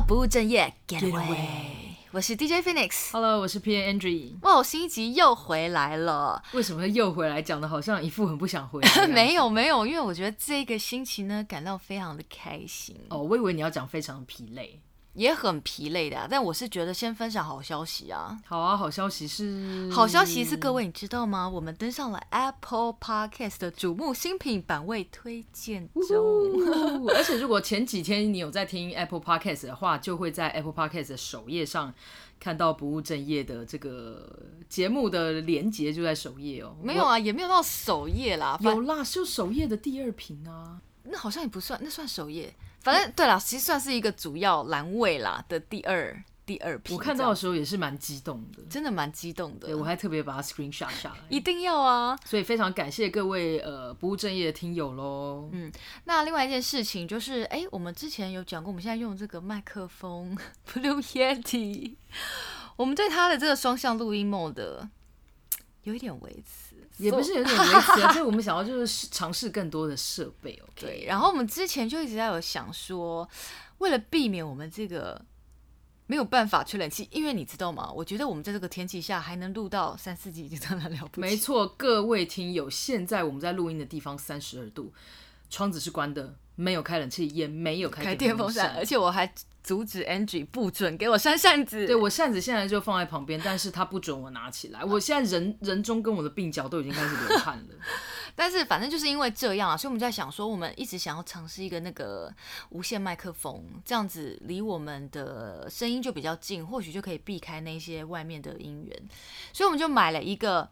不務正業，get away！我是 DJ Phoenix，Hello，我是 PN Andrew。哇，新一集又回來了，為什麼又回來？講的好像一副很不想回來。 沒有，沒有，因為我覺得這個星期呢，感到非常的開心。哦，我以為你要講非常的疲累。也很疲累的，啊，但我是覺得先分享好消息啊。好啊，好消息是，好消息是各位你知道嗎？我們登上了 Apple Podcast 的矚目新品版位推薦中，哦，而且如果前幾天你有在聽 Apple Podcast 的話， 就會在 Apple Podcast 的首頁上看到不務正業的這個節目的連結，就在首頁哦。沒有啊，也沒有到首頁啦，有啦，就首頁的第二屏啊。那好像也不算，那算首頁。反正對啦，其實算是一個主要欄位啦的第二第二篇。我看到的時候也是蠻激動的，真的蠻激動的。對我還特別把它 screenshot 下來，一定要啊！所以非常感謝各位呃不務正業的聽友嘍。嗯，那另外一件事情就是，哎、欸，我們之前有講過，我們現在用這個麥克風 Blue Yeti，我們對它的這個雙向錄音 mode 有一點微詞。So, 也不是有點危險，啊， 所以我們想要就是嘗試更多的設備、哦、okay, 對，然後我們之前就一直在有想說，為了避免我們這個沒有辦法吹冷氣，因為你知道嗎？我覺得我們在這個天氣下還能錄到三四集已經非常了不起。沒錯，各位聽友，現在我們在錄音的地方三十二度，窗子是關的。沒有開冷氣，也沒有開電風扇，風扇，而且我還阻止 Angie 不准給我扇扇子。對，我扇子現在就放在旁邊， 但是他不准我拿起來。我現在人人中跟我的鬢角都已經開始流汗了。 但是反正就是因為這樣啊，所以我們在想說，我們一直想要嘗試一個那個無線麥克風，這樣子離我們的聲音就比較近，或許就可以避開那些外面的音源。所以我們就買了一個。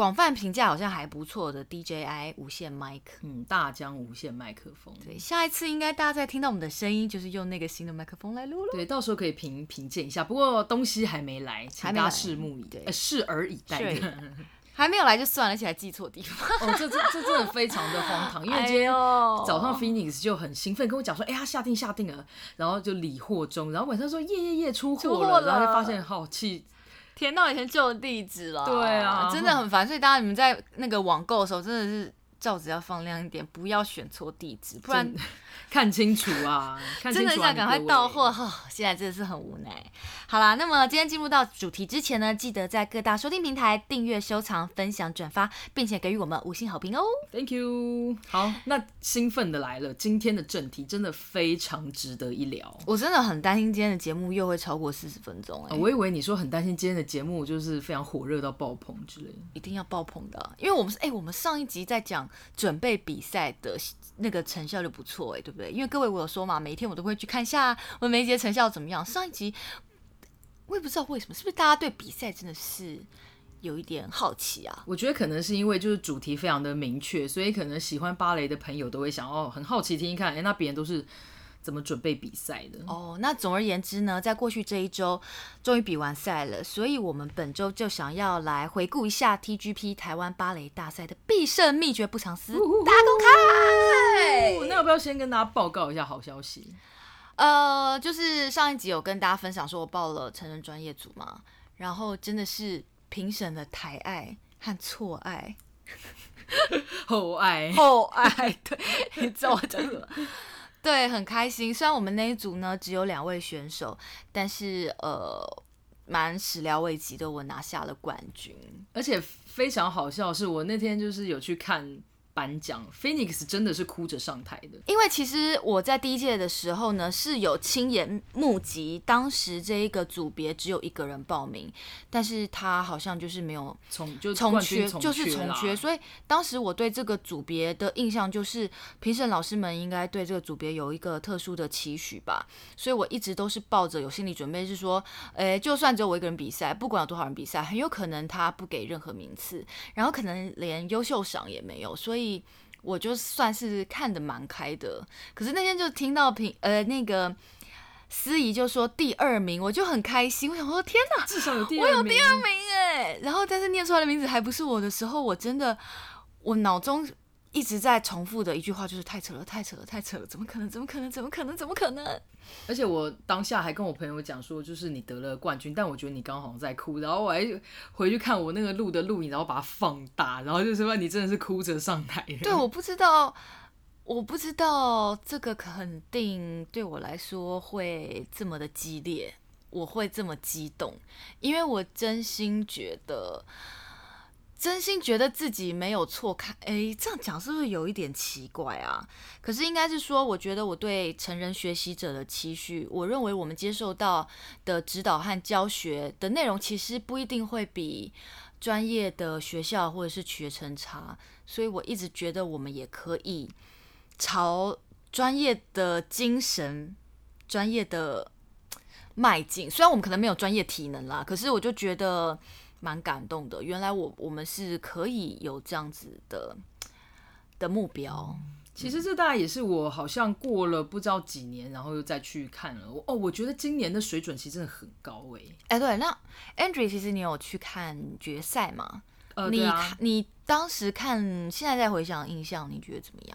廣泛評價好像還不錯的 DJI 無線麥克，嗯，大疆無線麥克風，對，下一次應該大家再聽到我們的聲音，就是用那個新的麥克風來錄了，對，到時候可以評評鑑一下。不過東西還沒來，請大家拭目以對、呃，拭而以待。 還沒有來就算了，而且還寄錯地方，哦，這這這真的非常的荒唐， 因為今天早上 Phoenix 就很興奮、哎、跟我講說，哎、欸、呀下定下定了，然後就理貨中，然後晚上說夜夜夜出貨了，了，然後就發現好氣。氣填到以前舊地址了，對啊，真的很煩。所以大家你們在那個網購的時候，真的是罩子要放亮一點，不要選錯地址，不然。看清楚啊！看清楚啊 真的想趕快到貨哈，現在真的是很無奈。好啦，那麼今天進入到主題之前呢，記得在各大收聽平台訂閱、收藏、分享、轉發，並且給予我們五星好評哦。Thank you。好，那興奮的來了，今天的正題真的非常值得一聊。我真的很擔心今天的節目又會超過四十分鐘哎。我以為你說很擔心今天的節目就是非常火熱到爆棚之類的，一定要爆棚的，因為我們是，哎，我們上一集在講準備比賽的那個成效就不錯哎，對不對？因為各位我有說嘛，每一天我都會去看一下我們每一節成效怎麼樣。上一集我也不知道為什麼，是不是大家對比賽真的是有一點好奇啊？我覺得可能是因為就是主題非常的明確，所以可能喜歡芭蕾的朋友都會想哦，很好奇，聽聽看，哎、欸，那別人都是。怎麼準備比賽的？哦、oh,，那總而言之呢，在過去這一周終於比完賽了，所以我們本周就想要來回顧一下 TGP 台灣芭蕾大賽的必勝秘訣不藏私，大公開。哦、那要不要先跟大家報告一下好消息？呃、uh,，就是上一集有跟大家分享說我報了成人專業組嘛，然後真的是評審的抬愛和錯愛厚愛厚愛，oh I. Oh I, 對， 你知道我講什麼？對，很開心。雖然我們那一組呢，只有兩位選手，但是呃，蠻始料未及的，我拿下了冠軍。而且非常好笑，是我那天就是有去看。頒獎，Phoenix 真的是哭着上台的。因為其實我在第一屆的時候呢，是有親眼目擊，當時這個組別只有一個人報名，但是他好像就是沒有從缺，就是從缺、啊。所以當時我對這個組別的印象就是，評審老師們應該對這個組別有一個特殊的期許吧。所以我一直都是抱着有心理準備，是說，哎、欸，就算只有我一個人比賽，不管有多少人比賽，很有可能他不給任何名次，然後可能連優秀賞也沒有。所以。所以我就算是看得蠻開的，可是那天就聽到評呃，那個司儀就說第二名，我就很開心，我想說天哪，至少有第二名，我有第二名哎。然後但是念出來的名字還不是我的時候，我真的我腦中一直在重複的一句話就是太扯了，太扯了，太扯了，怎麼可能？怎麼可能？怎麼可能？怎麼可能？而且我當下還跟我朋友講說，就是你得了冠軍，但我覺得你剛好在哭，然後我還回去看我那個錄的錄影，然後把它放大，然後就是說你真的是哭着上台。對，我不知道，我不知道這個肯定對我來說會這麼的激烈，我會這麼激動，因為我真心覺得。真心覺得自己沒有錯，看、欸、哎，這樣講是不是有一點奇怪啊？可是應該是說，我覺得我對成人學習者的期許，我認為我們接受到的指導和教學的內容，其實不一定會比專業的學校或者是學程差。所以我一直覺得，我們也可以朝專業的精神、專業的邁進。雖然我們可能沒有專業體能啦，可是我就覺得。蠻感動的，原來我我們是可以有這樣子的的目標。其實這大概也是我好像過了不知道幾年，然後又再去看了。哦，我覺得今年的水準其實真的很高哎、欸。哎、欸，對，那 Andrew，其實你有去看決賽嗎？呃，你、對啊、你當時看，現在再回想印象，你覺得怎麼樣？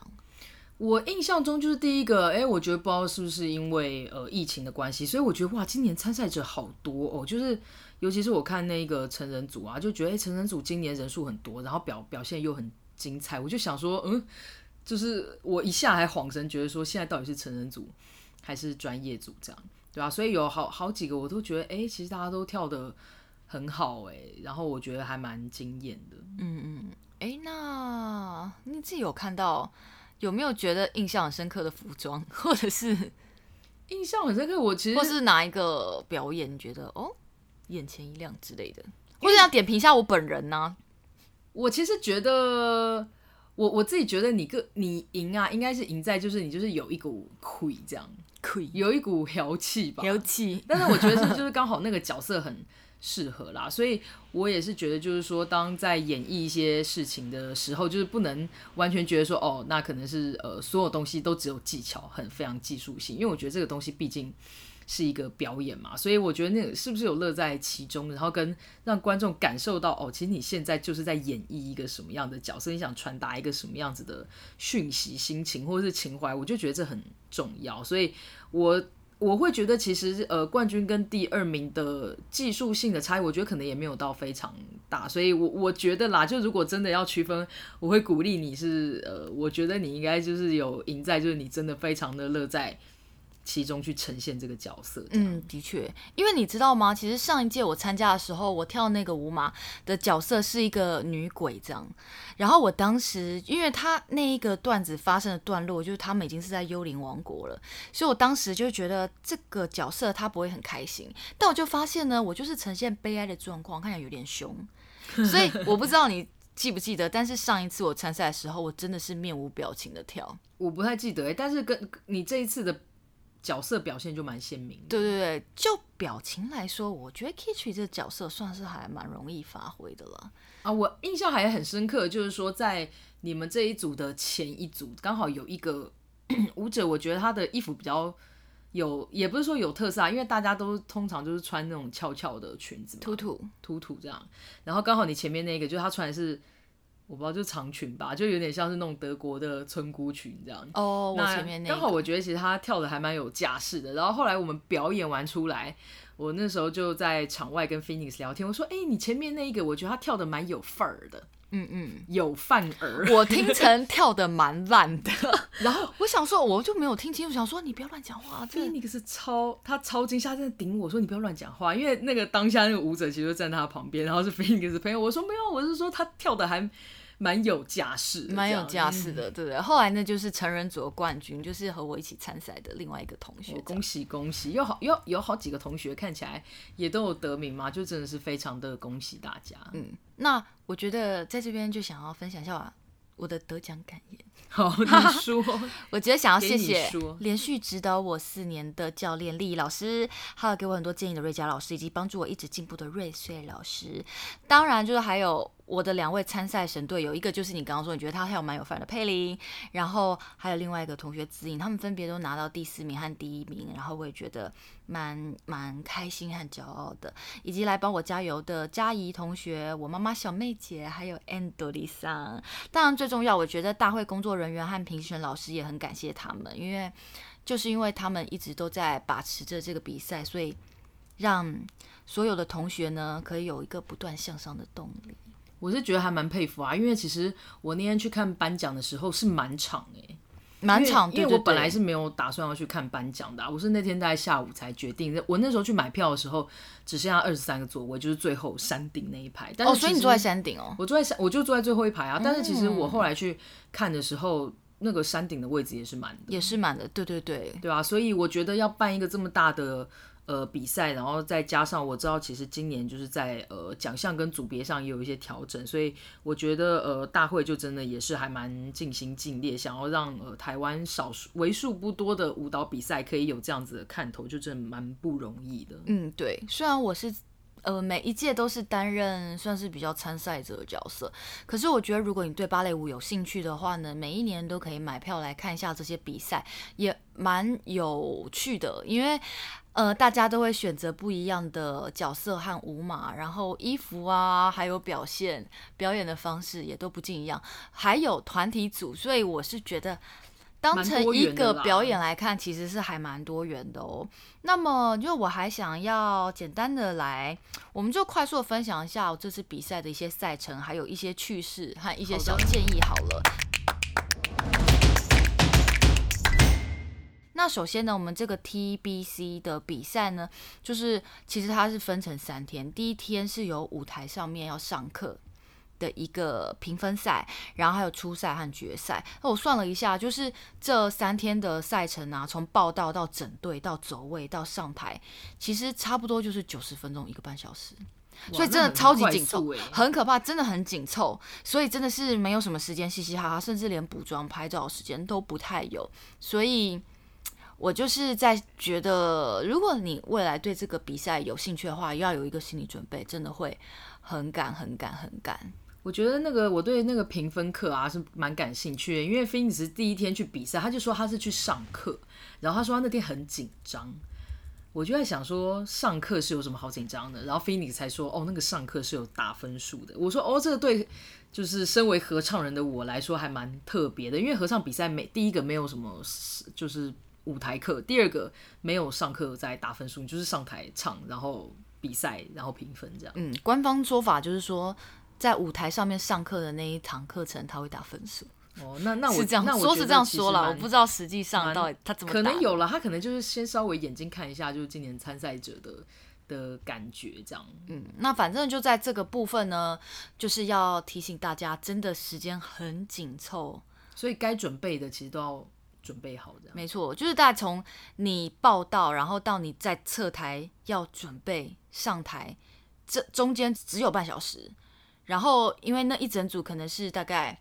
我印象中就是第一個，哎、欸，我覺得不知道是不是因為呃疫情的關係，所以我覺得哇，今年參賽者好多哦，就是。尤其是我看那個成人組啊，就覺得哎、欸，成人組今年人數很多，然後表表現又很精彩，我就想說，嗯，就是我一下還恍神，覺得說現在到底是成人組還是專業組這樣，對吧、啊？所以有好好幾個我都覺得，哎、欸，其實大家都跳得很好、欸，哎，然後我覺得還蠻驚豔的。嗯嗯，哎、欸，那你自己有看到有沒有覺得印象很深刻的服裝，或者是印象很深刻？我其實或是哪一個表演你覺得哦？眼前一亮之類的，或者要點評一下我本人呢、啊？我其實覺得我，我我自己覺得你個你贏啊，應該是贏在就是你就是有一股酷這樣，酷有一股妖氣吧，妖氣。但是我覺得是就是剛好那個角色很適合啦， 所以我也是覺得就是說，當在演繹一些事情的時候，就是不能完全覺得說哦，那可能是呃所有東西都只有技巧，很非常技術性。因為我覺得這個東西畢竟，是一個表演嘛，所以我覺得那個是不是有樂在其中，然後跟讓觀眾感受到哦，其實你現在就是在演繹一個什麼樣的角色，你想傳達一個什麼樣子的訊息、心情或者是情懷，我就覺得這很重要。所以我，我我會覺得其實呃，冠軍跟第二名的技術性的差異，我覺得可能也沒有到非常大。所以我，我我覺得啦，就如果真的要區分，我會鼓勵你是呃，我覺得你應該就是有贏在，就是你真的非常的樂在。其中去呈現這個角色，嗯，的確，因為你知道嗎？其實上一屆我參加的時候，我跳那個舞碼的角色是一個女鬼，這樣。然後我當時，因為他那一個段子發生的段落，就是，他們已經是在幽靈王國了，所以我當時就覺得這個角色他不會很開心。但我就發現呢，我就是呈現悲哀的狀況，看起來有點兇。所以我不知道你記不記得， 但是上一次我參賽的時候，我真的是面無表情的跳。我不太記得，欸，哎，但是跟你這一次的。角色表現就蠻鮮明的。對對對，就表情來說，我覺得 k i t h y 這個角色算是還蠻容易發揮的了。啊，我印象還很深刻，就是說在你們這一組的前一組，剛好有一個 舞者，我覺得他的衣服比較有，也不是說有特色啊，因為大家都通常就是穿那種翹翹的裙子，突突突突這樣。然後剛好你前面那個，就是他穿的是。我不知道，就長裙吧，就有點像是那種德國的村姑裙這樣。哦、oh，我前面那，剛好我覺得其實她跳的還蠻有架勢的。然後後來我們表演完出來。我那時候就在場外跟 Phoenix 聊天，我說：“哎、欸，你前面那一個，我覺得他跳的蠻有範兒的，嗯嗯，有範兒。”我聽成跳的蠻爛的， 然後我想說，我就沒有聽清楚，我想說你不要亂講話。 Phoenix 是超他超驚嚇，他在頂我說你不要亂講話，因為那個當下那個舞者其實就站在他旁邊，然後是 Phoenix 的朋友，我說沒有，我是說他跳的還。蠻有架勢，蠻有架勢的，對對對。後來呢，就是成人組的冠軍，就是和我一起參賽的另外一個同學。恭喜恭喜！有好有有好幾個同學看起來也都有得名嘛，就真的是非常的恭喜大家。嗯，那我覺得在這邊就想要分享一下我的得獎感言。好，你說。 我覺得想要謝謝連續指導我四年的教練麗老師，還有給我很多建議的瑞佳老師，以及幫助我一直進步的瑞穗老師。當然，就是還有。我的兩位參賽神隊友，一個就是你剛剛說你覺得他還有蠻有範的佩林，然後還有另外一個同學資穎，他們分別都拿到第四名和第一名，然後我也覺得蠻蠻開心和驕傲的。以及來幫我加油的佳怡同學、我媽媽小妹姐，還有 Andori-san。當然最重要，我覺得大會工作人員和評審老師也很感謝他們，因為就是因為他們一直都在把持着這個比賽，所以讓所有的同學呢可以有一個不斷向上的動力。我是覺得還蠻佩服啊，因為其實我那天去看頒獎的時候是滿場誒，滿場，因為我本來是沒有打算要去看頒獎的啊，我是那天在下午才決定。我那時候去買票的時候，只剩下二十三個座位，就是最後山頂那一排但。哦，所以你坐在山頂哦，我坐在，我就坐在最後一排啊。但是其實我後來去看的時候，那個山頂的位置也是滿的，也是滿的，對對對，對，對吧，啊？所以我覺得要辦一個這麼大的。呃，比賽，然後再加上我知道，其實今年就是在呃獎項跟組別上也有一些調整，所以我覺得呃大會就真的也是還蠻盡心盡力，想要讓呃台灣少數為數不多的舞蹈比賽可以有這樣子的看頭，就真的蠻不容易的。嗯，對，雖然我是呃每一屆都是擔任算是比較參賽者的角色，可是我覺得如果你對芭蕾舞有興趣的話呢，每一年都可以買票來看一下這些比賽，也蠻有趣的，因為，呃，大家都會選擇不一樣的角色和舞碼，然後衣服啊，還有表現、表演的方式也都不盡一樣，還有團體組，所以我是覺得當成一個表演來看，其實是還蠻多元的哦。的那麼，就我還想要簡單的來，我們就快速分享一下這次比賽的一些賽程，還有一些趣事和一些小建議，好了。好那首先呢，我們這個 TBC 的比賽呢，就是其實它是分成三天。第一天是有舞台上面要上課的一個評分賽，然後還有初賽和決賽。那我算了一下，就是這三天的賽程啊，從報到到整隊到走位到上台，其實差不多就是九十分鐘一個半小時，所以真的超級緊湊，欸，很可怕，真的很緊湊。所以真的是沒有什麼時間嘻嘻哈哈，甚至連補妝拍照的時間都不太有，所以。我就是在覺得，如果你未來對這個比賽有興趣的話，要有一個心理準備，真的會很趕、很趕、很趕。我覺得那個我對那個評分課啊是蠻感興趣的，因為菲尼斯是第一天去比賽，他就說他是去上課，然後他說他那天很緊張。我就在想說，上課是有什麼好緊張的，然後菲尼斯才說，哦那個上課是有打分數的。我說哦這個對，就是身為合唱人的我來說還蠻特別的，因為合唱比賽每第一個沒有什麼就是。舞台課，第二個沒有上課在打分數，就是上台唱，然後比賽，然後評分這樣。嗯，官方說法就是說，在舞台上面上課的那一堂課程他會打分數。哦，那那我是這樣我，說是這樣說啦，我不知道實際上到底他怎麼打。可能有了，他可能就是先稍微眼睛看一下，就是今年參賽者的的感覺這樣。嗯，那反正就在這個部分呢，就是要提醒大家，真的時間很緊湊，所以該準備的其實都要準備好的，沒錯，就是大概從你報到，然後到你在側台要準備上台，這中間只有半小時。然後因為那一整組可能是大概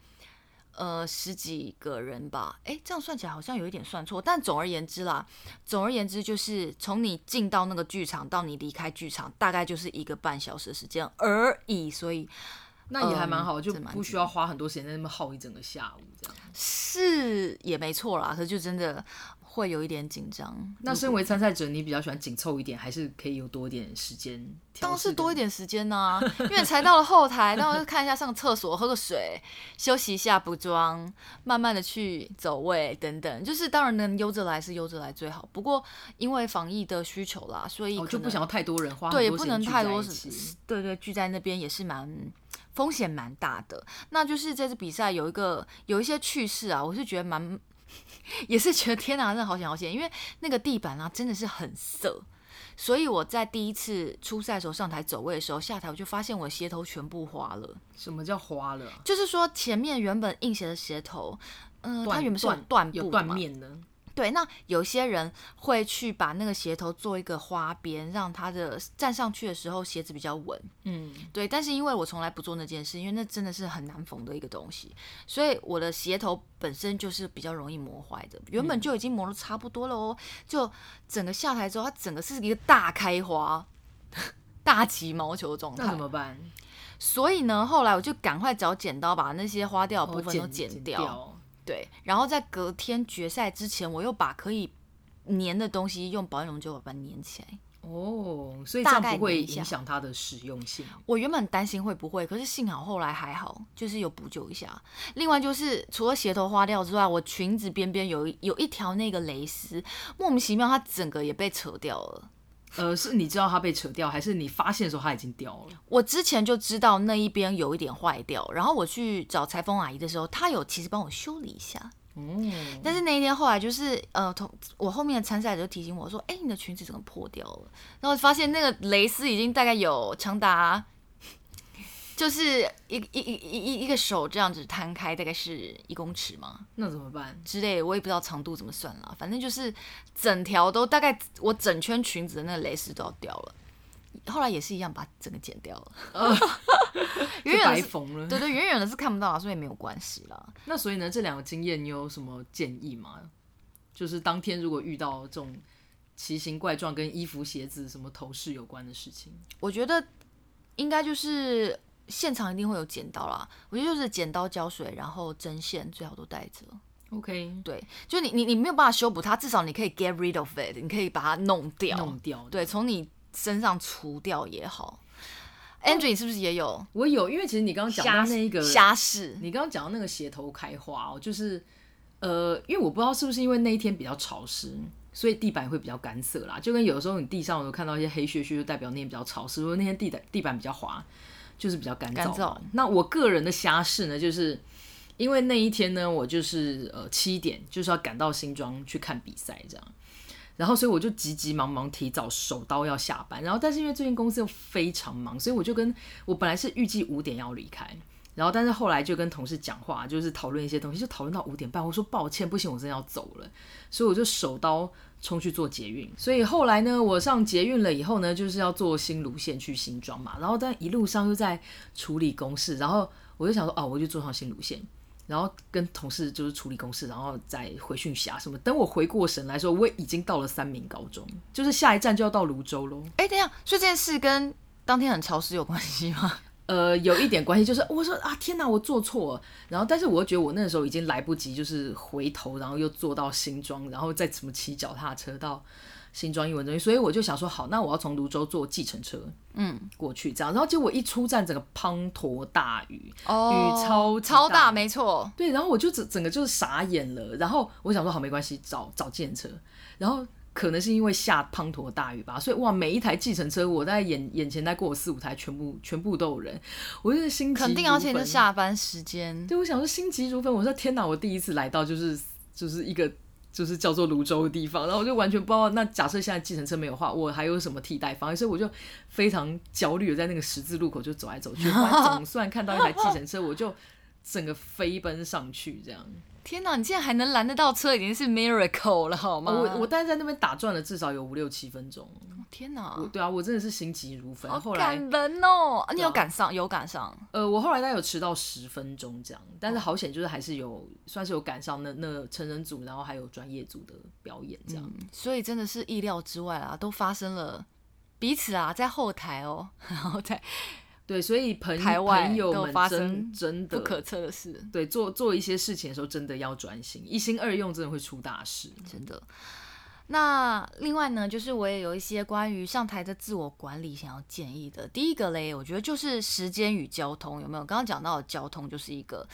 呃十幾個人吧，誒、欸，這樣算起來好像有一點算錯，但總而言之啦，總而言之就是從你進到那個劇場到你離開劇場，大概就是一個半小時的時間而已，所以。嗯、那也還蠻好，就不需要花很多時間在那邊耗一整個下午這樣。是也沒錯啦，可是就真的。會有一點緊張。那身為參賽者，你比較喜歡緊湊一點，還是可以有多一點時間？當然是多一點時間吶、啊， 因為才到了後台，然後就看一下上廁所、喝個水、休息一下、補妝，慢慢的去走位等等。就是當然能悠着來是悠着來最好。不過因為防疫的需求啦，所以我、哦、就不想要太多人花多對，也不能太多，對對，對，聚在那邊也是蠻風險蠻大的。那就是這次比賽有一個有一些趣事啊，我是覺得蠻。 也是覺得天哪，那好險好險！因為那個地板啊，真的是很澀，所以我在第一次初賽的時候上台走位的時候，下台我就發現我的鞋頭全部花了。什麼叫花了？就是說前面原本硬鞋的鞋頭，嗯、呃，它原本是斷有斷面的。對，那有些人會去把那個鞋頭做一個花邊，讓它的站上去的時候鞋子比較穩。嗯，對。但是因為我從來不做那件事，因為那真的是很難縫的一個東西，所以我的鞋頭本身就是比較容易磨壞的。原本就已經磨得差不多了哦、嗯，就整個下台之後，它整個是一個大開花、大起毛球的狀態。那怎麼辦？所以呢，後來我就趕快找剪刀把那些花掉的部分都剪掉。哦，剪，剪掉。對，然後在隔天決賽之前，我又把可以粘的東西用保麗龍膠把它粘起來。哦，所以這樣不會影響它的使用性。我原本擔心會不會，可是幸好後來還好，就是有補救一下。另外就是除了鞋頭花掉之外，我裙子邊邊有有一條那個蕾絲，莫名其妙它整個也被扯掉了。呃，是你知道它被扯掉，還是你發現的時候它已經掉了？我之前就知道那一邊有一點壞掉，然後我去找裁縫阿姨的時候，她有其實幫我修理一下。嗯，但是那一天後來就是呃，同我後面的參賽者就提醒我說：“哎、欸，你的裙子怎麼破掉了？”然後發現那個蕾絲已經大概有長達。就是一一一一一個手這樣子攤開，大概是一公尺嗎？那怎麼辦？之類，我也不知道長度怎麼算了。反正就是整條都大概我整圈裙子的那個蕾絲都要掉了。後來也是一樣，把整個剪掉了。遠、啊、遠 的 了，對對，遠遠的是看不到，所以沒有關係了。那所以呢，這兩個經驗你有什麼建議嗎？就是當天如果遇到這種奇形怪狀跟衣服、鞋子、什麼頭飾有關的事情，我覺得應該就是。現場一定會有剪刀啦，我覺得就是剪刀、膠水，然後針線最好都帶着。OK，對，就你你你沒有辦法修補它，至少你可以 get rid of it，你可以把它弄掉，弄掉。對，從你身上除掉也好。Andrew，你是不是也有？我有，因為其實你剛剛講那一個瞎瞎事，你剛剛講到那個鞋頭開花哦，就是呃，因為我不知道是不是因為那一天比較潮濕，所以地板會比較乾澀啦。就跟有時候你地上有都看到一些黑屑屑，就代表那天比較潮濕，如果那天地板地板比較滑。就是比較乾燥，燥。那我個人的瞎事呢，就是因為那一天呢，我就是呃七點就是要趕到新莊去看比賽這樣，然後所以我就急急忙忙提早手刀要下班，然後但是因為最近公司又非常忙，所以我就跟我本來是預計五點要離開，然後但是後來就跟同事講話，就是討論一些東西，就討論到五點半，我說抱歉，不行，我真的要走了，所以我就手刀。衝去做捷運，所以後來呢，我上捷運了以後呢，就是要坐新蘆線去新莊嘛，然後但一路上又在處理公事，然後我就想說，哦、啊，我就坐上新蘆線，然後跟同事就是處理公事，然後再回訊息啊什麼，等我回過神來說，我也已經到了三民高中，就是下一站就要到蘆洲嘍。哎、欸，等一下，所以這件事跟當天很潮濕有關係嗎？呃，有一點關係，就是我說啊，天哪，啊，我做錯了。然後，但是我又覺得我那時候已經來不及，就是回頭，然後又坐到新莊，然後再怎麼騎腳踏車，車到新莊英文中心。所以我就想說，好，那我要從蘆洲坐計程車，嗯，過去這樣，嗯。然後結果一出站，整個滂沱大雨，哦，雨超大超大，沒錯，對。然後我就整整個就是傻眼了。然後我想說，好，沒關係，找找計程車。然後。可能是因為下滂沱大雨吧，所以哇，每一台計程車我在眼眼前在過四五台，全部全部都有人，我就是心急，肯定，而且是下班時間。對，我想說心急如焚。我說天哪，我第一次來到就是就是一個就是叫做瀘州的地方，然後我就完全不知道。那假設現在計程車沒有話，我還有什麼替代方案，所以我就非常焦慮的在那個十字路口就走來走去，總算看到一台計程車， 我就整個飛奔上去這樣。天哪，你竟然還能攔得到車，已經是 miracle 了，好嗎？啊、我我待在那邊打轉了至少有五六七分鐘、哦。天哪！對啊，我真的是心急如焚。後來趕人哦，啊、你有趕上，啊、有趕上。呃，我後來大概有遲到十分鐘這樣，但是好險，就是還是有算是有趕上那那成人組，然後還有專業組的表演這樣、嗯。所以真的是意料之外啊，都發生了彼此啊，在後台哦、喔，然後在。對，所以朋朋友們發真真的不可測試。對，做做一些事情的時候，真的要專心，一心二用，真的會出大事，嗯、真的。那另外呢，就是我也有一些關於上台的自我管理想要建議的。第一個嘞，我覺得就是時間與交通有沒有？剛剛講到的交通就是一個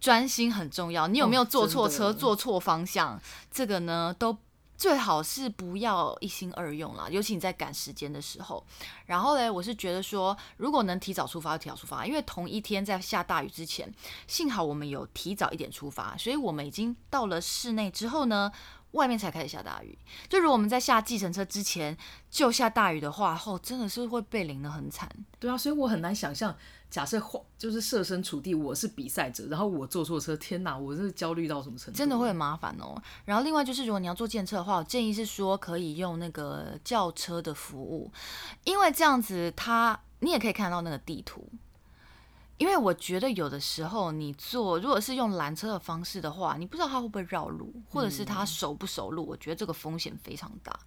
專心很重要，你有沒有坐錯車、哦、坐錯方向？這個呢都。最好是不要一心二用啦，尤其你在趕時間的時候。然後嘞，我是覺得說，如果能提早出發，就提早出發，因為同一天在下大雨之前，幸好我們有提早一點出發，所以我們已經到了室內之後呢，外面才開始下大雨。就如果我們在下計程車之前就下大雨的話，後、喔、真的是，是會被淋得很慘。對啊，所以我很難想象。假設就是設身處地，我是比賽者，然後我坐錯車，天哪，我真的焦慮到什麼程度？真的會很麻煩哦、喔。然後另外就是，如果你要做檢測的話，我建議是說可以用那個叫車的服務，因為這樣子他你也可以看到那個地圖。因為我覺得有的時候你坐如果是用攔車的方式的話，你不知道他會不會繞路，或者是他熟不熟路、嗯，我覺得這個風險非常大。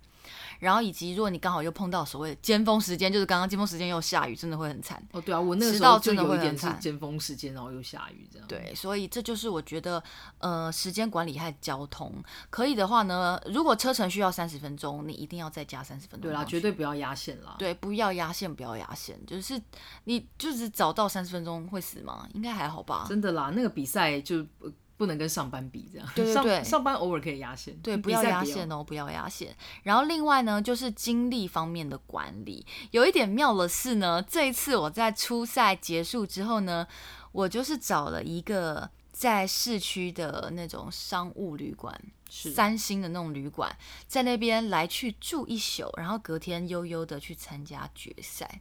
然後以及，如果你剛好又碰到所謂的尖峰時間，就是剛剛尖峰時間又下雨，真的會很慘。哦，對啊，我那個時候就有一點是尖峰時間，然後又下雨這樣。對，所以這就是我覺得，呃，時間管理還有交通，可以的話呢，如果車程需要三十分鐘，你一定要再加三十分鐘。對啦，啊，絕對不要壓線啦。對，不要壓線，不要壓線，就是你就是早到三十分鐘會死嗎？應該還好吧？真的啦，那個比賽就。不能跟上班比這樣，對對對，上,上班偶爾可以壓線，對，不要壓線哦，不要壓線、哦。然後另外呢，就是精力方面的管理，有一點妙的是呢，這一次我在初賽結束之後呢，我就是找了一個在市區的那種商務旅館，是三星的那種旅館，在那邊來去住一宿，然後隔天悠悠的去參加決賽。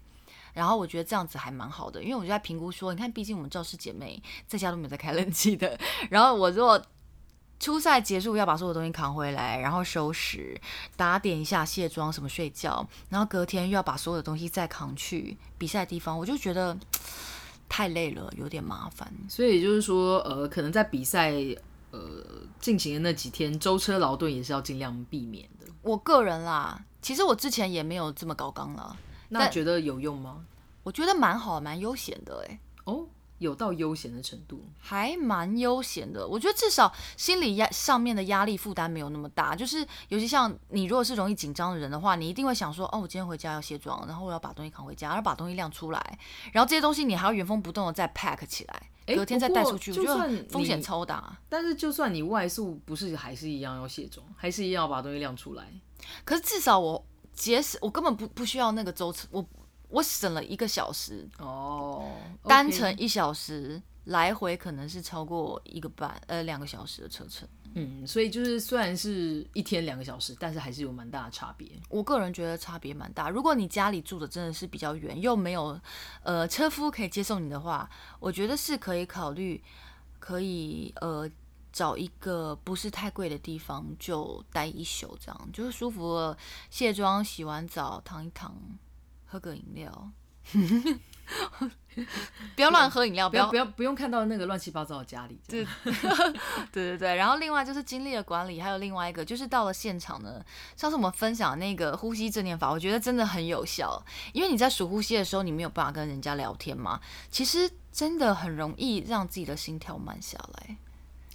然後我覺得這樣子還蠻好的，因為我就在評估說，你看，畢竟我們肇事姐妹在家都沒有在開冷氣的。然後我如果初賽結束要把所有東西扛回來，然後收拾、打點一下、卸妝什麼、睡覺，然後隔天又要把所有的東西再扛去比賽的地方，我就覺得太累了，有點麻煩。所以也就是說，呃，可能在比賽呃進行的那幾天，舟車勞頓也是要儘量避免的。我個人啦，其實我之前也沒有這麼高剛了。那你覺得有用嗎？我覺得蠻好，蠻悠閒的誒、欸、哦，有到悠閒的程度？還蠻悠閒的，我覺得至少心理壓上面的壓力負擔沒有那麼大。就是尤其像你如果是容易緊張的人的話，你一定會想說，哦，我今天回家要卸妝，然後我要把東西扛回家，然後把東西晾出來，然後這些東西你還要原封不動的再 pack 起來，隔、欸、天再帶出去。我覺得風險超大。但是就算你外宿，不是還是一樣要卸妝，還是一樣要把東西晾出來。可是至少我。節省，我根本不不需要那個車程，我我省了一個小時哦，Oh, okay. 單程一小時，來回可能是超過一個半呃兩個小時的車程，嗯，所以就是雖然是一天兩個小時，但是還是有蠻大的差別。我個人覺得差別蠻大。如果你家裡住的真的是比較遠，又沒有呃車夫可以接送你的話，我覺得是可以考慮，可以呃。找一個，不是太貴的地方，就待一宿，這樣就是舒服了。卸妝、洗完澡、躺一躺，喝個飲料， 料，不要亂喝飲料，不要不要不用看到那個亂七八糟的家裡。對， 對對對，然後另外就是精力的管理，還有另外一個就是到了現場呢。上次我們分享那個呼吸正念法，我覺得真的很有效，因為你在數呼吸的時候，你沒有辦法跟人家聊天嘛，其實真的很容易讓自己的心跳慢下來。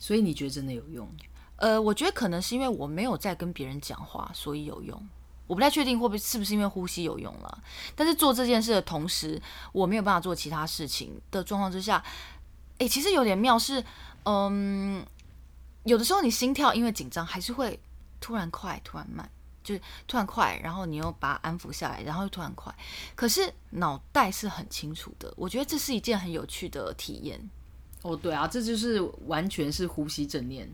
所以你覺得真的有用？呃，我覺得可能是因為我沒有在跟別人講話，所以有用。我不太確定會不會是不是因為呼吸有用了。但是做這件事的同時，我沒有辦法做其他事情的狀況之下，誒、欸，其實有點妙是，嗯，有的時候你心跳因為緊張還是會突然快，突然慢，就是突然快，然後你又把它安撫下來，然後又突然快。可是腦袋是很清楚的，我覺得這是一件很有趣的體驗。哦，對啊，這就是完全是呼吸正念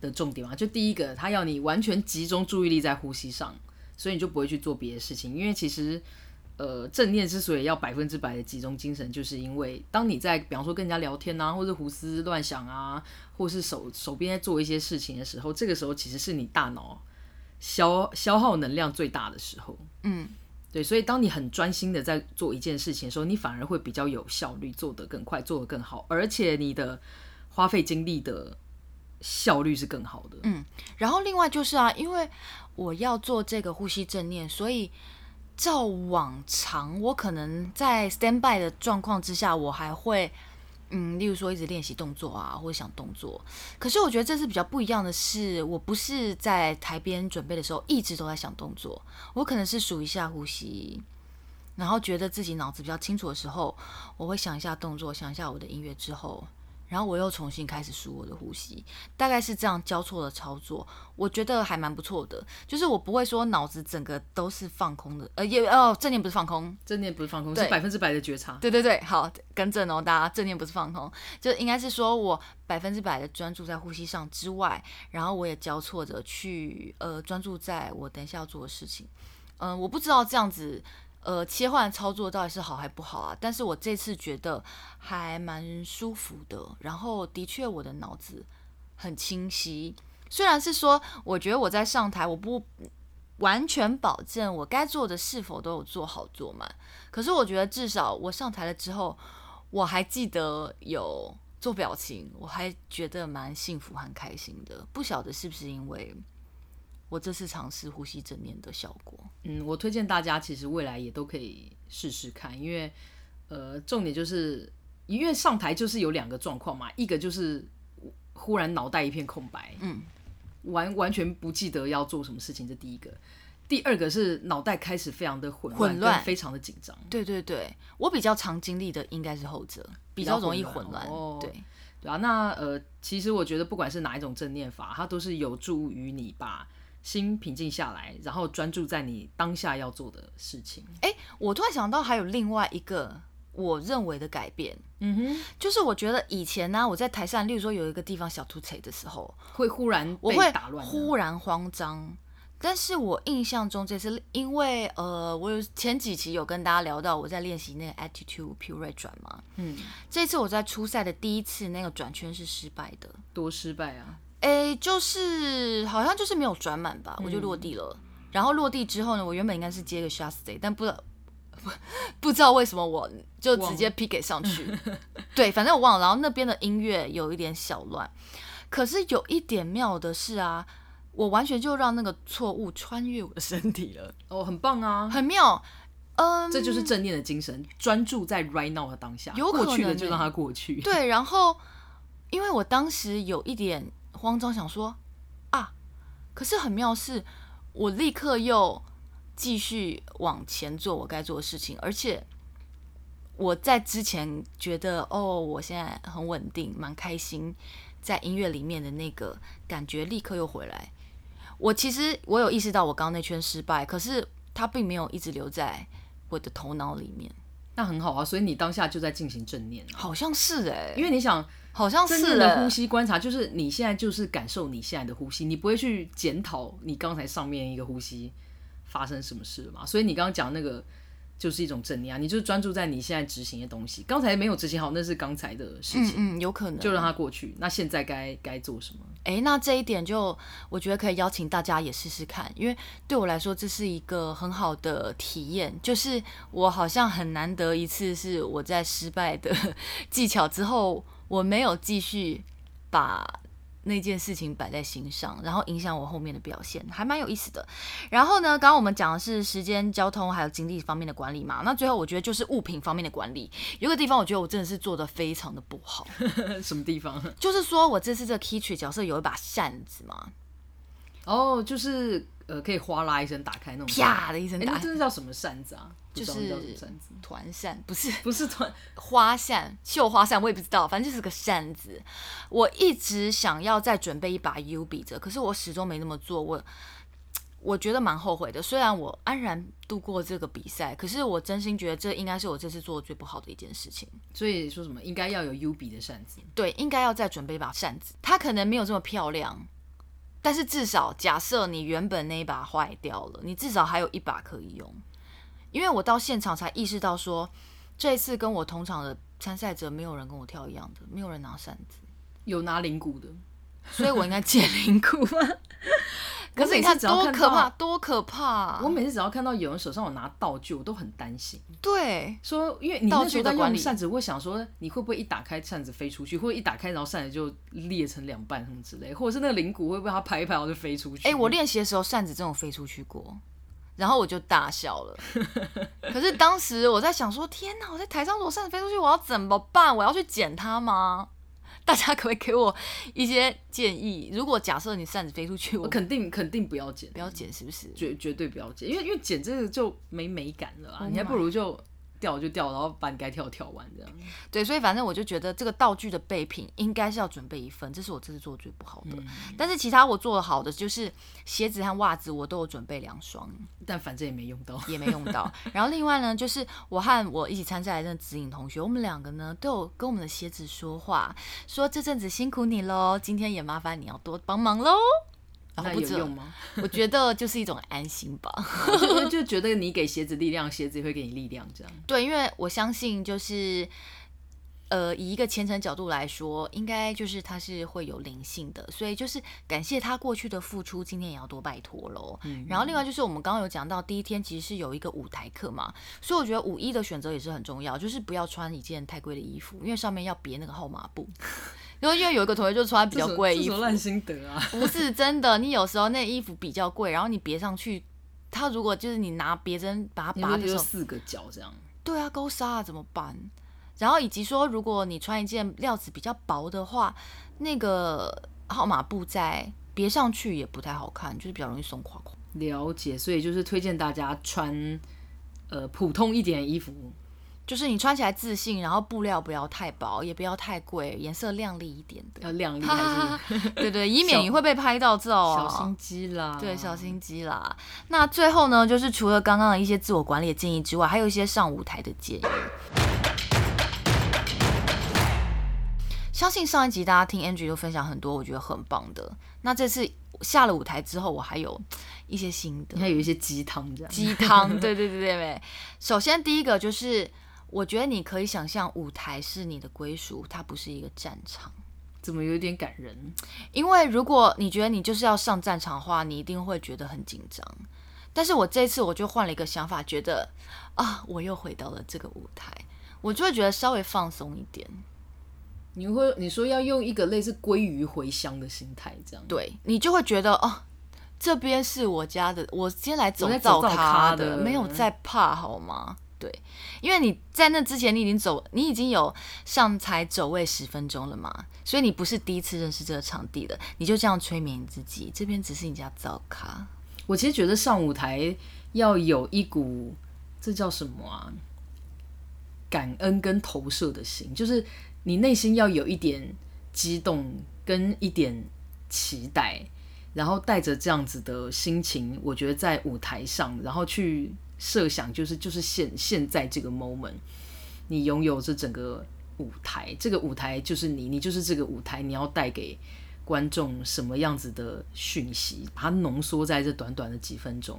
的重點啊。就第一個，他要你完全集中注意力在呼吸上，所以你就不會去做別的事情。因為其實，呃，正念之所以要百分之百的集中精神，就是因為當你在，比方說跟人家聊天啊，或是胡思亂想啊，或是手手邊在做一些事情的時候，這個時候其實是你大腦消消耗能量最大的時候。嗯。對，所以當你很專心的在做一件事情的時候，你反而會比較有效率，做得更快，做得更好，而且你的花費精力的效率是更好的。嗯，然後另外就是啊，因為我要做這個呼吸正念，所以照往常，我可能在 stand by 的狀況之下，我還會。嗯，例如說一直練習動作啊，或者想動作。可是我覺得這是比較不一樣的是，我不是在台邊準備的時候一直都在想動作，我可能是數一下呼吸，然後覺得自己腦子比較清楚的時候，我會想一下動作，想一下我的音樂之後。然後我又重新開始數我的呼吸，大概是這樣交錯的操作，我覺得還蠻不錯的。就是我不會說腦子整個都是放空的，呃，也哦，正念不是放空，正念不是放空，是百分之百的覺察。對對對，好，更正哦，大家，正念不是放空，就應該是說我百分之百的專注在呼吸上之外，然後我也交錯着去呃專注在我等一下要做的事情。嗯、呃，我不知道這樣子。呃，切換操作到底是好還不好啊？但是我這次覺得還蠻舒服的，然後的確我的腦子很清晰。雖然是說，我覺得我在上台，我不完全保證我該做的是否都有做好做滿，可是我覺得至少我上台了之後，我還記得有做表情，我還覺得蠻幸福很開心的。不曉得是不是因為。我這次嘗試呼吸正念的效果。嗯，我推薦大家，其實未來也都可以試試看，因為，呃，重點就是，因為上台就是有兩個狀況嘛，一個就是忽然腦袋一片空白，嗯，完完全不記得要做什麼事情，這第一個；第二個是腦袋開始非常的混亂，非常的緊張。對對對，我比較常經歷的應該是後者比，比較容易混亂。哦，對，對啊，那呃，其實我覺得不管是哪一種正念法，它都是有助於你吧。心平靜下來，然後專注在你當下要做的事情。哎，我突然想到還有另外一個我認為的改變，嗯哼，就是我覺得以前呢、啊，我在台上，例如說有一個地方小凸槌的時候，會忽然我會打亂，忽然慌張。但是我印象中這次，因為呃，我有前幾期有跟大家聊到我在練習那個 attitude pirouette 轉嘛，嗯，這次我在初賽的第一次那個轉圈是失敗的，多失敗啊！哎、欸，就是好像就是沒有轉滿吧，我就落地了、嗯。然後落地之後呢，我原本應該是接個 shut day，但不知道不，不知道為什麼我就直接 pick it 上去。 對，反正我忘了。然後那邊的音樂有一點小亂，可是有一點妙的是啊，我完全就讓那個錯誤穿越我的身體了。哦，很棒啊，很妙。嗯，這就是正念的精神，專注在 right now 的當下，有、欸、過去的就讓它過去。對，然後因為我當時有一點。慌張想說啊，可是很妙，是我立刻又繼續往前做我該做的事情，而且我在之前覺得哦，我現在很穩定，蠻開心，在音樂裡面的那個感覺立刻又回來。我其實我有意識到我剛剛那圈失敗，可是它並沒有一直留在我的頭腦裡面。那很好啊，所以你當下就在進行正念啊。好像是誒、欸，因為你想。好像是、欸、的，呼吸觀察，就是你現在就是感受你現在的呼吸，你不會去檢討你剛才上面一個呼吸發生什麼事了嘛？所以你剛剛講那個就是一種正念，啊，你就是專注在你現在執行的東西。剛才沒有執行好，那是剛才的事情，嗯嗯，有可能就讓它過去。那現在該該做什麼？哎、欸，那這一點就我覺得可以邀請大家也試試看，因為對我來說這是一個很好的體驗，就是我好像很難得一次是我在失敗的技巧之後。我沒有繼續把那件事情擺在心上，然後影響我後面的表現，還蠻有意思的。然後呢，剛剛我們講的是時間、交通還有精力方面的管理嘛，那最後我覺得就是物品方面的管理，有個地方我覺得我真的是做的非常的不好。 什麼地方？就是說我這次這個 Kitri 角色有一把扇子嘛？哦、oh，就是呃，可以嘩啦一聲打開那種啪的一聲打開，你、欸、這叫什麼扇子啊？就是團扇，不是不是團 花扇，繡花扇，我也不知道，反正就是個扇子。我一直想要再準備一把預備著，可是我始終沒那麼做，我我覺得蠻後悔的。雖然我安然度過這個比賽，可是我真心覺得這應該是我這次做的最不好的一件事情。所以說什麼應該要有預備的扇子？對，應該要再準備一把扇子。它可能沒有這麼漂亮，但是至少假設你原本那一把壞掉了，你至少還有一把可以用。因為我到現場才意識到說，說這次跟我同場的參賽者沒有人跟我跳一樣的，沒有人拿扇子，有拿鈴鼓的，所以我應該借鈴鼓嗎 可是你看，看，多可怕，多可怕，啊！我每次只要看到有人手上有拿道具，我都很擔心。對，說因為你那時候在用扇子，道具的管理，會想說你會不會一打開扇子飛出去，或者一打開然後扇子就裂成兩半什麼之類，或者是那個鈴鼓會不會它拍一拍然後就飛出去？哎、欸，我練習的時候扇子真的有飛出去過。然後我就大笑了，可是當時我在想說，天哪！我在台上，如果扇子飛出去，我要怎麼辦？我要去撿它嗎？大家可不可以給我一些建議？如果假設你扇子飛出去，我肯定肯定不要撿，不要撿，是不是？絕絕對不要撿，因為因為撿這個就沒美感了啊！你還不如就。掉就掉，然後把你該跳跳完，這樣。對，所以反正我就覺得這個道具的備品應該是要準備一份，這是我這次做的最不好的。嗯，但是其他我做的好的就是鞋子和襪子我都有準備兩雙，但反正也沒用到，也沒用到。 然後另外呢，就是我和我一起參賽的子穎同學，我們兩個呢都有跟我們的鞋子說話，說這陣子辛苦你嘍，今天也麻煩你要多幫忙嘍。然後不那有用嗎？ 我覺得就是一種安心吧。 我覺就覺得你給鞋子力量，鞋子也會給你力量。這樣。對，因為我相信就是，呃，以一個虔誠角度來說，應該就是他是會有靈性的。所以就是感謝他過去的付出，今天也要多拜託嘍。嗯，嗯。然後另外就是我們剛剛有講到第一天其實是有一個舞台課嘛，所以我覺得舞衣的選擇也是很重要，就是不要穿一件太貴的衣服，因為上面要別那個號碼布。 因為因為有一個同學就穿比較貴衣服，爛心得啊！不是真的，你有時候那衣服比較貴，然後你別上去，他如果就是你拿別針把它拔掉，就四個角這樣，對啊，勾紗啊怎麼辦？然後以及說，如果你穿一件料子比較薄的話，那個號碼布再別上去也不太好看，就是比較容易鬆垮垮。了解，所以就是推薦大家穿呃普通一點的衣服。就是你穿起來自信，然後布料不要太薄，也不要太貴，顏色亮麗一點的，要亮麗還是,是？ 對,對對，以免你會被拍到照、啊小，小心機啦。對，小心機啦。那最後呢，就是除了剛剛的一些自我管理的建議之外，還有一些上舞台的建議。 相信上一集大家聽 Angie 都分享很多，我覺得很棒的。那這次下了舞台之後，我還有一些心得，你、嗯、有一些雞湯這樣。雞湯，對對對對， 首先第一個就是。我覺得你可以想象，舞台是你的歸屬，它不是一個戰場。怎麼有點感人？因為如果你覺得你就是要上戰場的話，你一定會覺得很緊張。但是我這次我就換了一個想法，覺得啊，我又回到了這個舞台，我就會覺得稍微放鬆一點。你會你說要用一個類似鮭魚回鄉的心態這樣，對你就會覺得哦、啊，這邊是我家的，我先來走走他的，沒有在怕好嗎？對，因為你在那之前，你已經走，你已經有上台走位十分鐘了嘛，所以你不是第一次認識這個場地了。你就這樣催眠自己，這邊只是你家灶咖，我其實覺得上舞台要有一股，這叫什麼啊？感恩跟投射的心，就是你內心要有一點激動跟一點期待，然後帶着這樣子的心情，我覺得在舞台上，然後去。設想就是就是現現在這個 moment，你擁有這整個舞台，這個舞台就是你，你就是這個舞台，你要帶給觀眾什麼樣子的訊息？把它濃縮在這短短的幾分鐘。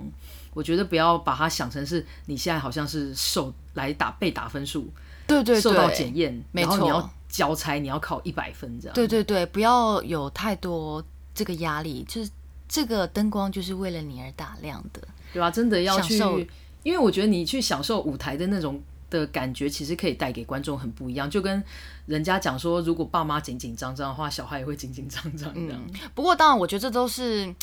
我覺得不要把它想成是你現在好像是受來打被打分數，對，對對，受到檢驗，沒錯，然後你要交差，你要考一百分這樣。對對對，不要有太多這個壓力，就是這個燈光就是為了你而打亮的，對吧、啊？真的要去。因為我覺得你去享受舞台的那種的感覺，其實可以帶給觀眾很不一樣。就跟人家講說，如果爸媽緊緊張張的話，小孩也會緊緊張張這樣。嗯。不過當然，我覺得這都是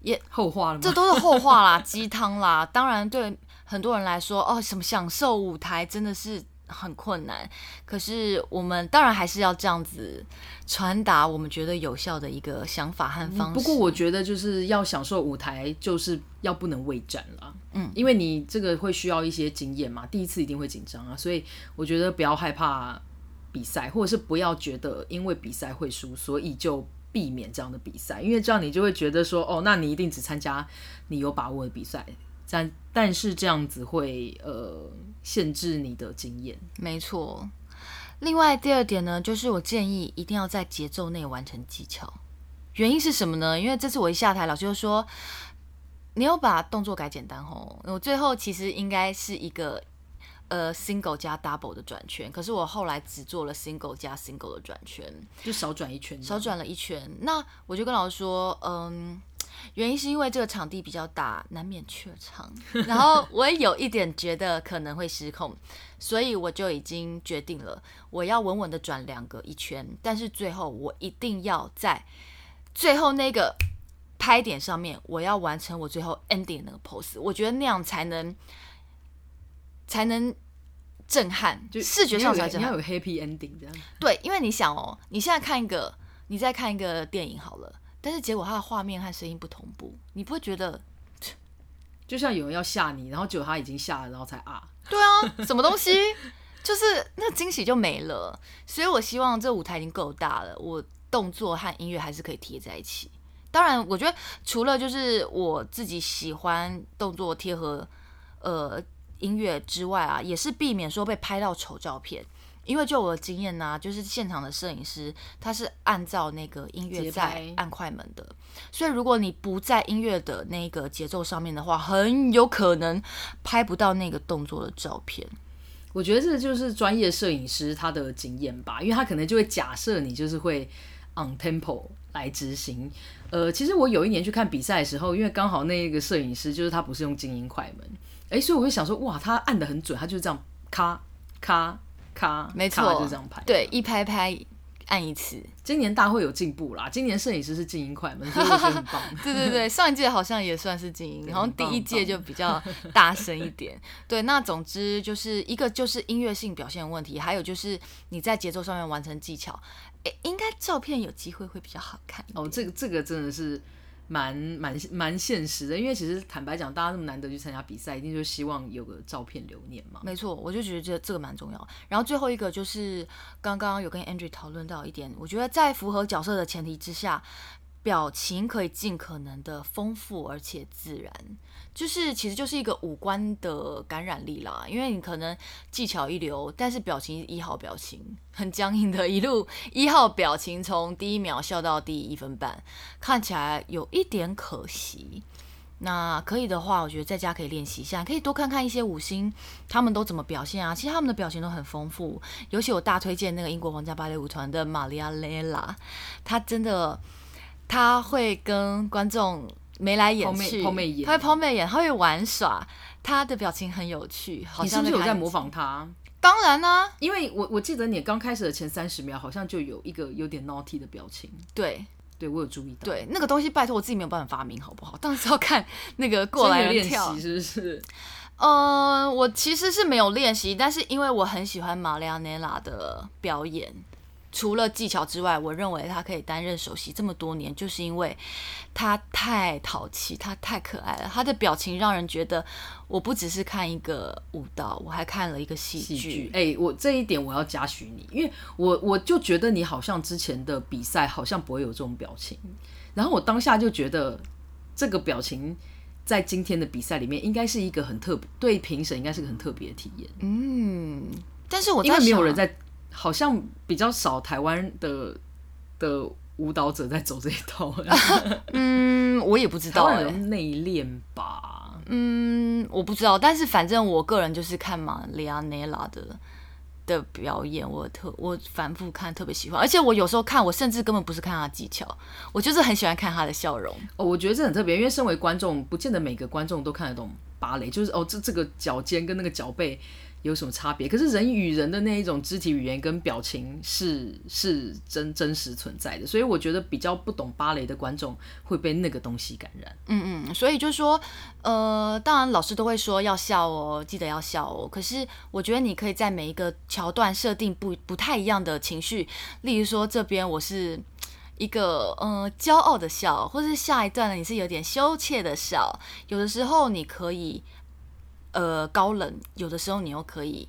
也後話了嗎。這都是後話啦，雞 湯啦。當然，對很多人來說，哦，什麼享受舞台真的是。很困難，可是我們當然還是要這樣子傳達我們覺得有效的一個想法和方式。嗯,不過我覺得就是要享受舞台，就是要不能畏戰了。嗯，因為你這個會需要一些經驗嘛，第一次一定會緊張啊，所以我覺得不要害怕比賽，或者是不要覺得因為比賽會輸，所以就避免這樣的比賽，因為這樣你就會覺得說哦，那你一定只參加你有把握的比賽，但但是這樣子會呃。限制你的經驗，沒錯。另外第二點呢，就是我建議一定要在節奏內完成技巧。原因是什麼呢？因為這次我一下台，老師就說，你有把動作改簡單哦。我最後其實應該是一個呃 single 加 double 的轉圈，可是我後來只做了 single 加 single 的轉圈，就少轉一圈，少轉了一圈。那我就跟老師說，嗯。原因是因為這個場地比較大，難免怯場。然後我也有一點覺得可能會失控，所以我就已經決定了，我要穩穩的轉兩個一圈。但是最後我一定要在最後那個拍點上面，我要完成我最後 ending 的那個 pose。我覺得那樣才能才能震撼，就視覺上來講，你要有，你要有 happy ending，這樣。對，因為你想哦，你現在看一個，你再看一個電影好了。但是結果他的畫面和聲音不同步，你不會覺得就像有人要嚇你，然後結果他已經嚇了，然後才啊？對啊，什麼東西？ 就是那驚喜就沒了。所以我希望這舞台已經夠大了，我動作和音樂還是可以貼在一起。當然，我覺得除了就是我自己喜歡動作貼合呃音樂之外啊，也是避免說被拍到醜照片。因為就我的經驗呢、啊，就是現場的攝影師他是按照那個音樂在按快門的，所以如果你不在音樂的那個節奏上面的話，很有可能拍不到那個動作的照片。我覺得這就是專業攝影師他的經驗吧，因為他可能就會假設你就是會 on tempo 來執行。呃，其實我有一年去看比賽的時候，因為剛好那個攝影師就是他不是用靜音快門，誒、欸，所以我會想說，哇，他按得很準，他就是這樣咔咔。卡，沒錯，就這樣拍。對，一拍拍按一次。今年大會有進步啦，今年攝影師是靜音快門，真的很棒。 對對對，上一屆好像也算是靜音，然後第一屆就比較大聲一點。 對，那總之就是一個就是音樂性表現問題，還有就是你在節奏上面完成技巧，欸，應該照片有機會會比較好看。哦，這個這個真的是。蠻蠻蠻現實的，因為其實坦白講，大家那麼難得去參加比賽，一定就希望有個照片留念嘛。沒錯，我就覺得這這個蠻重要。然後最後一個就是剛剛有跟 Andrew 討論到一點，我覺得在符合角色的前提之下，表情可以盡可能的豐富而且自然。就是其實就是一個五官的感染力啦，因為你可能技巧一流，但是表情一號表情很僵硬的，一路一號表情從第一秒笑到第一分半，看起來有一點可惜。那可以的話，我覺得在家可以練習一下，可以多看看一些舞星，他們都怎麼表現啊？其實他們的表情都很豐富，尤其我大推薦那個英國皇家芭蕾舞團的瑪利亞·雷拉，她真的，他會跟觀眾。眉來眼去、啊、他會拋媚眼，他會玩耍，他的表情很有趣。好像是你是不是有在模仿他？當然呢、啊，因為我我記得你剛開始的前三十秒，好像就有一個有點 naughty 的表情。對，對我有注意到。對，那個東西拜托我自己沒有辦法發明，好不好？到時候看那個過來人跳，的是不是？呃，我其實是沒有練習，但是因為我很喜歡瑪麗亞·奈拉的表演。除了技巧之外，我認為他可以擔任首席這麼多年，就是因為他太淘氣，他太可愛了。他的表情讓人覺得，我不只是看一個舞蹈，我還看了一個戲劇。哎、欸，我這一點我要嘉許你，因為我我就覺得你好像之前的比賽好像不會有這種表情，然後我當下就覺得這個表情在今天的比賽裡面應該是一個很特別，對評審應該是一個很特別的體驗。嗯，但是我因為沒有人在。好像比較少台灣的的舞蹈者在走這一套。啊、嗯，我也不知道、欸，可內斂吧。嗯，我不知道，但是反正我個人就是看馬里亞內拉的的表演，我特我反覆看特別喜歡。而且我有時候看，我甚至根本不是看他的技巧，我就是很喜歡看他的笑容。哦，我覺得這很特別，因為身為觀眾，不見得每個觀眾都看得懂芭蕾，就是哦，這這個腳尖跟那個腳背有什麼差別？可是人與人的那一種肢體語言跟表情是是真真實存在的，所以我覺得比較不懂芭蕾的觀眾會被那個東西感染。嗯嗯，所以就是說，呃，當然老師都會說要笑哦，記得要笑哦。可是我覺得你可以在每一個橋段設定不不太一樣的情緒，例如說這邊我是一個嗯驕傲的笑，或者是下一段呢你是有點羞怯的笑。有的時候你可以。呃，高冷有的時候你又可以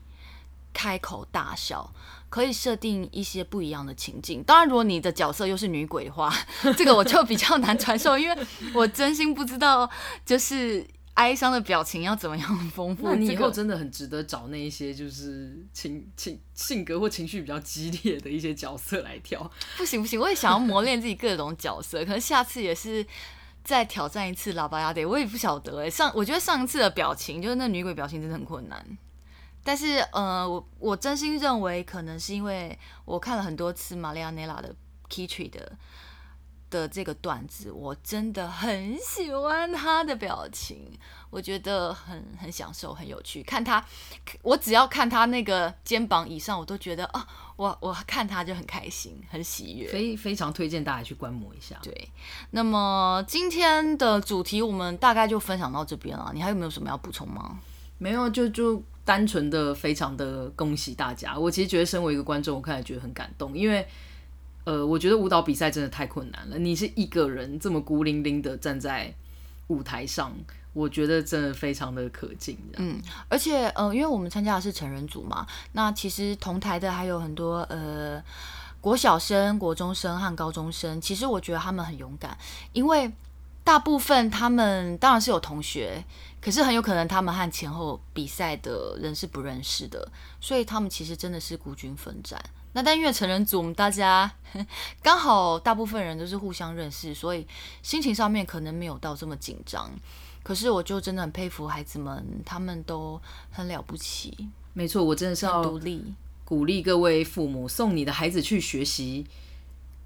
開口大笑，可以設定一些不一樣的情境。當然，如果你的角色又是女鬼的話，這個我就比較難傳授， 因為我真心不知道就是哀傷的表情要怎麼樣豐富。那你以後真的很值得找那一些就是情情性格或情緒比較激烈的一些角色來跳。不行不行，我也想要磨練自己各種角色， 可能下次也是。再挑戰一次《喇叭丫頭》，我也不曉得、欸、上我覺得上一次的表情，就是那女鬼表情，真的很困難。但是，呃，我我真心認為，可能是因為我看了很多次瑪麗亞內拉的《k i t e y 的。的這個段子，我真的很喜歡他的表情，我覺得很很享受，很有趣。看他，我只要看他那個肩膀以上，我都覺得啊，我我看他就很開心，很喜悅。非非常推薦大家去觀摩一下。對，那麼今天的主題我們大概就分享到這邊了。你還有沒有什麼要補充嗎？沒有，就就單純的非常的恭喜大家。我其實覺得身為一個觀眾，我看來覺得很感動，因為。呃，我覺得舞蹈比賽真的太困難了。你是一個人這麼孤零零的站在舞台上，我覺得真的非常的可敬。嗯，而且嗯，呃，因為我們參加的是成人組嘛，那其實同台的還有很多呃，國小生、國中生和高中生。其實我覺得他們很勇敢，因為大部分他們當然是有同學，可是很有可能他們和前後比賽的人是不認識的，所以他們其實真的是孤軍奮戰。那但因為成人組，我們大家剛好大部分人都是互相認識，所以心情上面可能沒有到這麼緊張。可是我就真的很佩服孩子們，他們都很了不起。沒錯，我真的是要鼓勵鼓勵各位父母送你的孩子去學習。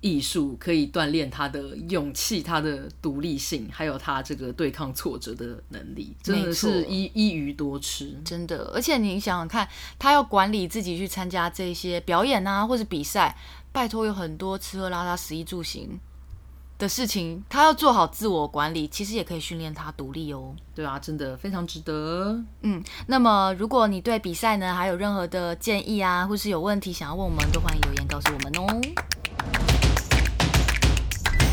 藝術可以鍛鍊他的勇氣、他的獨立性，還有他這個對抗挫折的能力，每次真的是一魚多吃，真的。而且你想想看，他要管理自己去參加這些表演啊，或是比賽，拜託有很多吃喝拉撒、食衣住行的事情，他要做好自我管理，其實也可以訓練他獨立哦。對啊，真的非常值得。嗯，那麼如果你對比賽呢還有任何的建議啊，或是有問題想要問，我們都歡迎留言告訴我們哦。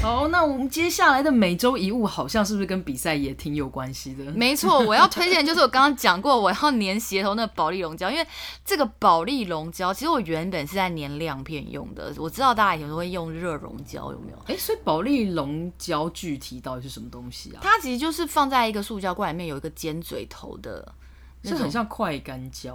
好，那我們接下來的每周一物好像是不是跟比賽也挺有關係的？沒錯，我要推薦就是我剛剛講過我要粘鞋頭那個保麗龍膠，因為這個保麗龍膠其實我原本是在粘亮片用的，我知道大家以前都會用熱熔膠，有沒有？哎、欸，所以保麗龍膠具體到底是什麼東西啊？它其實就是放在一個塑膠罐裡面有一個尖嘴頭的，是很像快乾膠。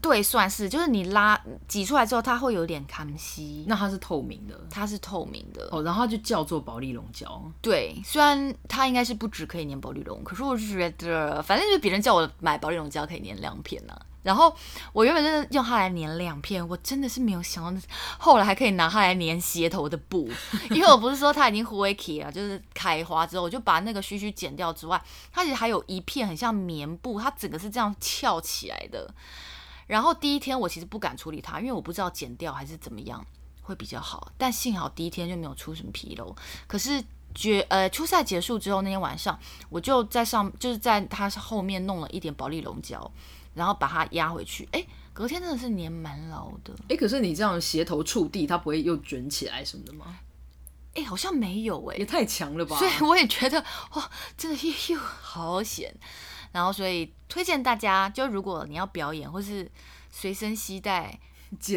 對，算是就是你拉擠出來之後，它會有點康熙。那它是透明的，它是透明的哦。Oh, 然後它就叫做保麗龍膠。對，雖然它應該是不止可以粘保麗龍，可是我覺得，反正就是別人叫我買保麗龍膠可以粘亮片吶、啊。然後我原本真的用它來粘亮片，我真的是沒有想到那，後來還可以拿它來粘鞋頭的布。因為我不是說它已經枯萎了，就是開花之後，我就把那個須須剪掉之外，它其實還有一片很像棉布，它整個是這樣翹起來的。然後第一天我其實不敢處理它，因為我不知道剪掉還是怎麼樣會比較好。但幸好第一天就沒有出什麼紕漏。可是決呃，初賽結束之後那天晚上，我就在上，就是在它後面弄了一點保麗龍膠，然後把它壓回去。哎，隔天真的是粘蠻牢的。哎，可是你這樣鞋頭觸地，它不會又捲起來什麼的嗎？哎，好像沒有誒、欸，也太強了吧？所以我也覺得哇，真的又又好險。然後，所以推薦大家，就如果你要表演或是隨身攜帶，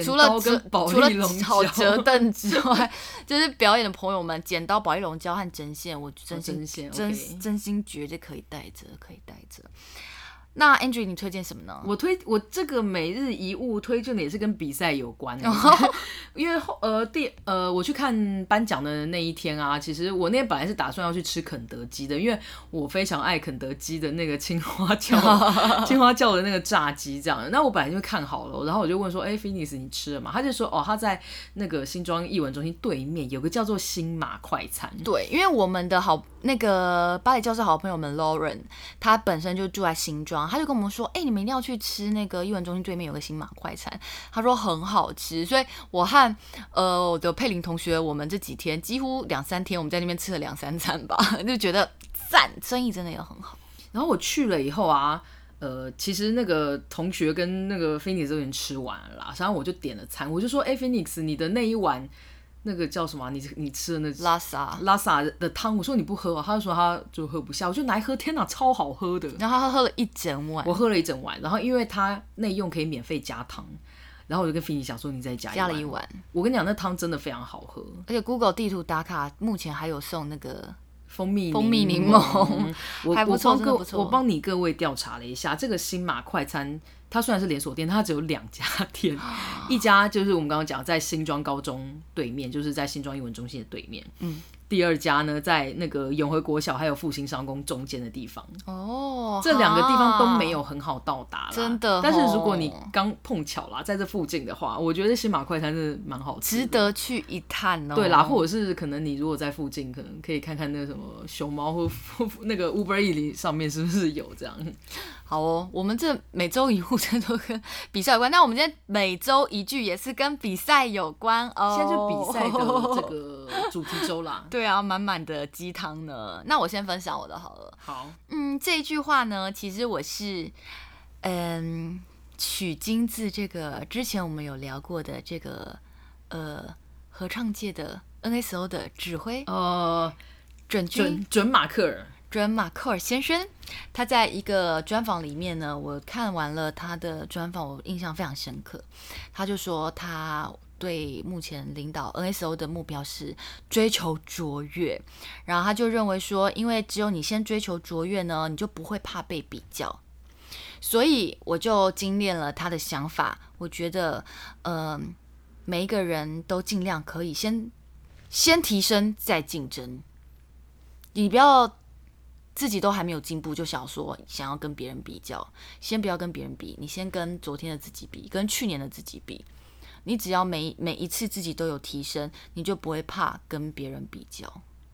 除了跟除了好折凳之外， 就是表演的朋友們，剪刀、保麗龍膠和針線，我真心、哦、真、okay、真心絕對可以帶着，可以帶着。那 Andrew 你推薦什麼呢？我推我這個每日一物推薦的也是跟比賽有關的，oh. 因為呃第呃我去看頒獎的那一天啊，其實我那天本來是打算要去吃肯德基的，因為我非常愛肯德基的那個青花椒。Oh. 青花椒的那個炸雞這樣。的，那我本來就看好了，然後我就問說：“哎、欸、，Finis，你吃了嗎？”他就說：“哦，他在那個新莊藝文中心對面有個叫做星馬快餐。”對，因為我們的好那個芭蕾教室好朋友們 Lauren，他本身就住在新莊。他就跟我們說：“哎、欸，你們一定要去吃那個一文中心對面有個星馬快餐，他說很好吃。”所以我和呃我的佩林同學，我們這幾天幾乎兩三天我們在那邊吃了兩三餐吧，就覺得讚，生意真的也很好。然後我去了以後啊，呃，其實那個同學跟那個 Phoenix 都已經吃完了，然後我就點了餐，我就說：“哎，Phoenix，你的那一碗。”那個叫什麼、啊？你你吃的那叻沙叻沙的湯，我說你不喝？喔，他就說他就喝不下。我就來喝，天哪，超好喝的！然後他喝了一整碗，我喝了一整碗。然後因為他內用可以免費加湯，然後我就跟菲尼想說，你再加一加了一碗。我跟你講，那湯真的非常好喝。而且 Google 地圖打卡目前還有送那個蜂蜜蜂蜜檸檬。我我我幫你各位調查了一下，這個星馬快餐。它雖然是連鎖店，它只有兩家店，一家就是我們剛剛講在新莊高中對面，就是在新莊藝文中心的對面。嗯，第二家呢，在那個永和國小還有復興商工中間的地方。哦，這兩個地方都沒有很好到達了、啊，真的、哦。但是如果你剛碰巧啦，在這附近的話，我覺得星馬快餐是蠻好吃的，值得去一探哦。對啦，或者是可能你如果在附近，可能可以看看那什麼熊貓或那個 Uber Eats 上面是不是有這樣。好哦，我們這每周一物，這都跟比賽有關，那我們今天每周一句也是跟比賽有關哦，現在是比賽的這個主題周啦。 對啊，滿滿的雞湯呢。那我先分享我的好了。好，嗯，這一句話呢，其實我是嗯取經自這個之前我們有聊過的這個呃合唱界的 NSO 的指揮呃準準準馬寇爾。馬寇爾先生，他在一個專訪裡面呢，我看完了他的專訪，我印象非常深刻。他就說，他對目前領導 NSO 的目標是追求卓越。然後他就認為說，因為只有你先追求卓越呢，你就不會怕被比較。所以我就精煉了他的想法。我覺得，嗯、呃，每一個人都盡量可以先先提升再競爭。你不要。自己都還沒有進步，就想說想要跟別人比較，先不要跟別人比，你先跟昨天的自己比，跟去年的自己比。你只要每每一次自己都有提升，你就不會怕跟別人比較。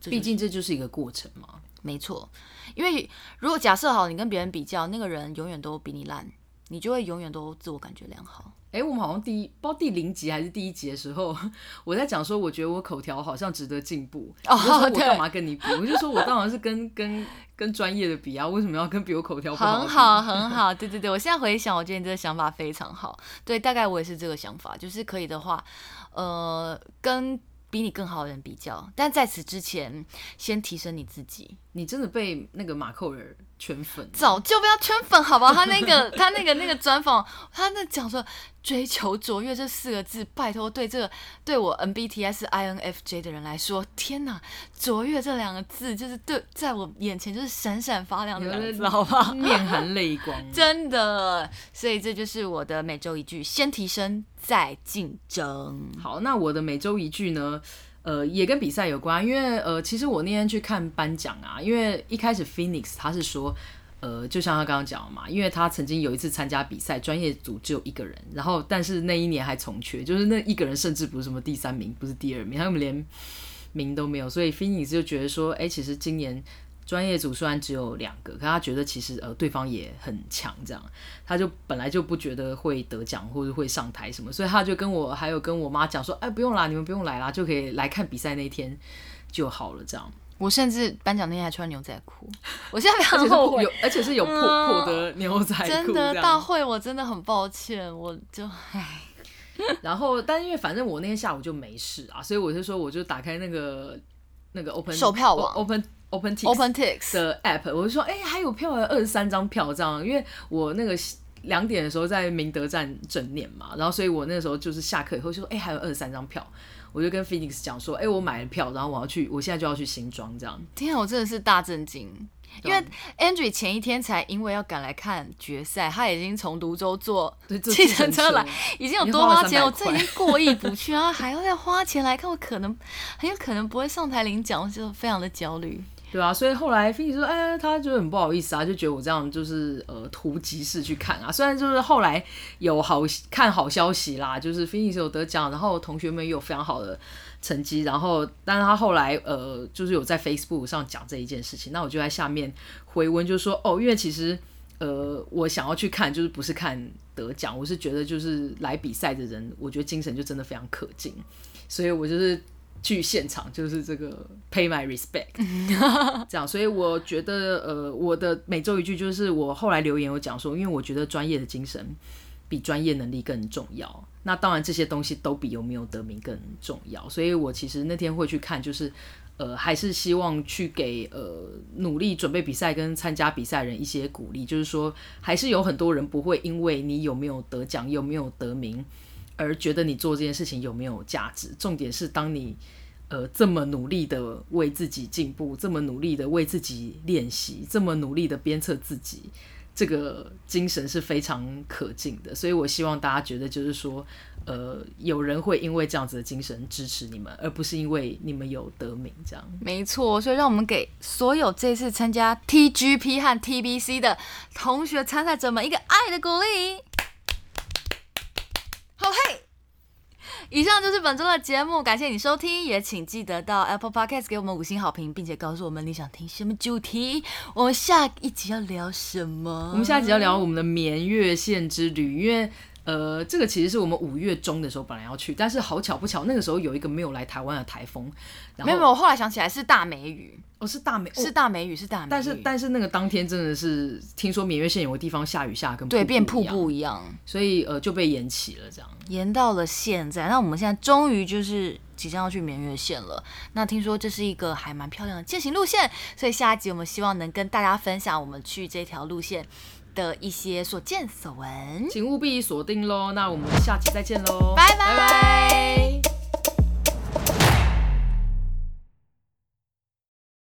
畢竟這就是一個過程嘛。沒錯，因為如果假設好，你跟別人比較，那個人永遠都比你爛。你就會永遠都自我感覺良好。哎、欸，我們好像第一，不知道第零集還是第一集的時候，我在講說，我覺得我口條好像值得進步。哦、oh,，對。我幹嘛跟你比？我就說我當然是跟跟跟專業的比啊，為什麼要跟比我口條好比？很好，很好。對對對，我現在回想，我覺得你這個想法非常好。對，大概我也是這個想法，就是可以的話，呃，跟，比你更好的人比較，但在此之前，先提升你自己。你真的被那個馬寇爾圈粉，早就全好不要圈粉，好吧？他那個，他那個，那個專訪， 他那講說“追求卓越”這四個字，拜託，對這個對我 MBTI 是 INFJ 的人來說，天哪，“卓越”這兩個字就是對，在我眼前就是閃閃發亮的兩個字好不好，好吧？面含淚光，真的。所以這就是我的每周一句：先提升。再競爭。好，那我的每週一句呢？呃，也跟比賽有關，因為呃，其實我那天去看頒獎啊，因為一開始 Phoenix 他是說，呃，就像他剛剛講嘛，因為他曾經有一次參加比賽，專業組只有一個人，然後但是那一年還從缺，就是那一個人甚至不是什麼第三名，不是第二名，他們連名都沒有，所以 Phoenix 就覺得說，哎、欸，其實今年，專業組雖然只有兩個，可是他覺得其實，呃，對方也很強，這樣他就本來就不覺得會得獎或者會上台什麼，所以他就跟我還有跟我媽講說，哎、欸、不用啦，你們不用來啦，就可以來看比賽那天就好了，這樣。我甚至頒獎那天還穿牛仔褲，我現在非常後悔，而且是有、嗯、而且是有破、嗯、破的牛仔褲。真的大會我真的很抱歉，我就哎 然後但因為反正我那天下午就沒事啊，所以我就說我就打開那個那個 Open 售票網 o, Open。OpenTix, OpenTix 的 app，我就說，哎、欸，還有票，還有二十三張票這樣，因為我那個兩點的時候在明德站整臉嘛，然後所以，我那個時候就是下課以後就說，哎、欸，還有二十三張票，我就跟 Phoenix 講說，哎、欸，我買了票，然後我要去，我現在就要去新莊這樣。天、啊，我真的是大震驚，因為 Andrew 前一天才因為要趕來看決賽，他已經從蘆洲坐汽車，來，對程車了來，已經有多花錢，我這已經過意不去啊， 還要再花錢來看，我可能很有可能不會上台領獎，我就非常的焦慮。對啊，所以後來 Finn 說，哎、欸，他就覺得很不好意思啊，就覺得我這樣就是呃突擊式去看啊。雖然就是後來有好看好消息啦,就是 Finn 有得獎，然後同學們也有非常好的成績，然後但是他後來呃就是有在 Facebook 上講這一件事情，那我就在下面回文就是說，哦，因為其實呃我想要去看，就是不是看得獎，我是覺得就是來比賽的人，我覺得精神就真的非常可敬，所以我就是。去現場就是這個 pay my respect， 這樣，所以我覺得呃，我的每周一句就是我後來留言有講說，因為我覺得專業的精神比專業能力更重要。那當然這些東西都比有沒有得名更重要。所以我其實那天會去看，就是呃，還是希望去給呃努力準備比賽跟參加比賽的人一些鼓勵，就是說還是有很多人不會因為你有沒有得獎有沒有得名。而覺得你做這件事情有沒有價值？重點是，當你，呃，這麼努力的為自己進步，這麼努力的為自己練習，這麼努力的鞭策自己，這個精神是非常可敬的。所以，我希望大家覺得，就是說，呃，有人會因為這樣子的精神支持你們，而不是因為你們有得名這樣。沒錯，所以讓我們給所有這次參加 TGP 和 TBC 的同學參賽者們一個愛的鼓勵。好嘿！Hey! 以上就是本週的節目，感謝你收聽，也請記得到 Apple Podcast 給我們五星好評，並且告訴我們你想聽什麼主題，我們下一集要聊什麼？我們下一集要聊我們的眠月線之旅，因為。呃，這個其實是我們五月中的時候本來要去，但是好巧不巧，那個時候有一個沒有來台灣的台風，沒有沒有。我後來想起來是大梅雨，哦，是大梅、哦，是大梅雨，是大梅。但是但是那個當天真的是聽說眠月線有個地方下雨下跟對變瀑布一樣，所以呃就被延期了這樣，延到了現在。那我們現在終於就是即將要去眠月線了。那聽說這是一個還蠻漂亮的健行路線，所以下一集我們希望能跟大家分享我們去這條路線的一些所見所聞，請務必鎖定嘍。那我們下集再見嘍，拜拜。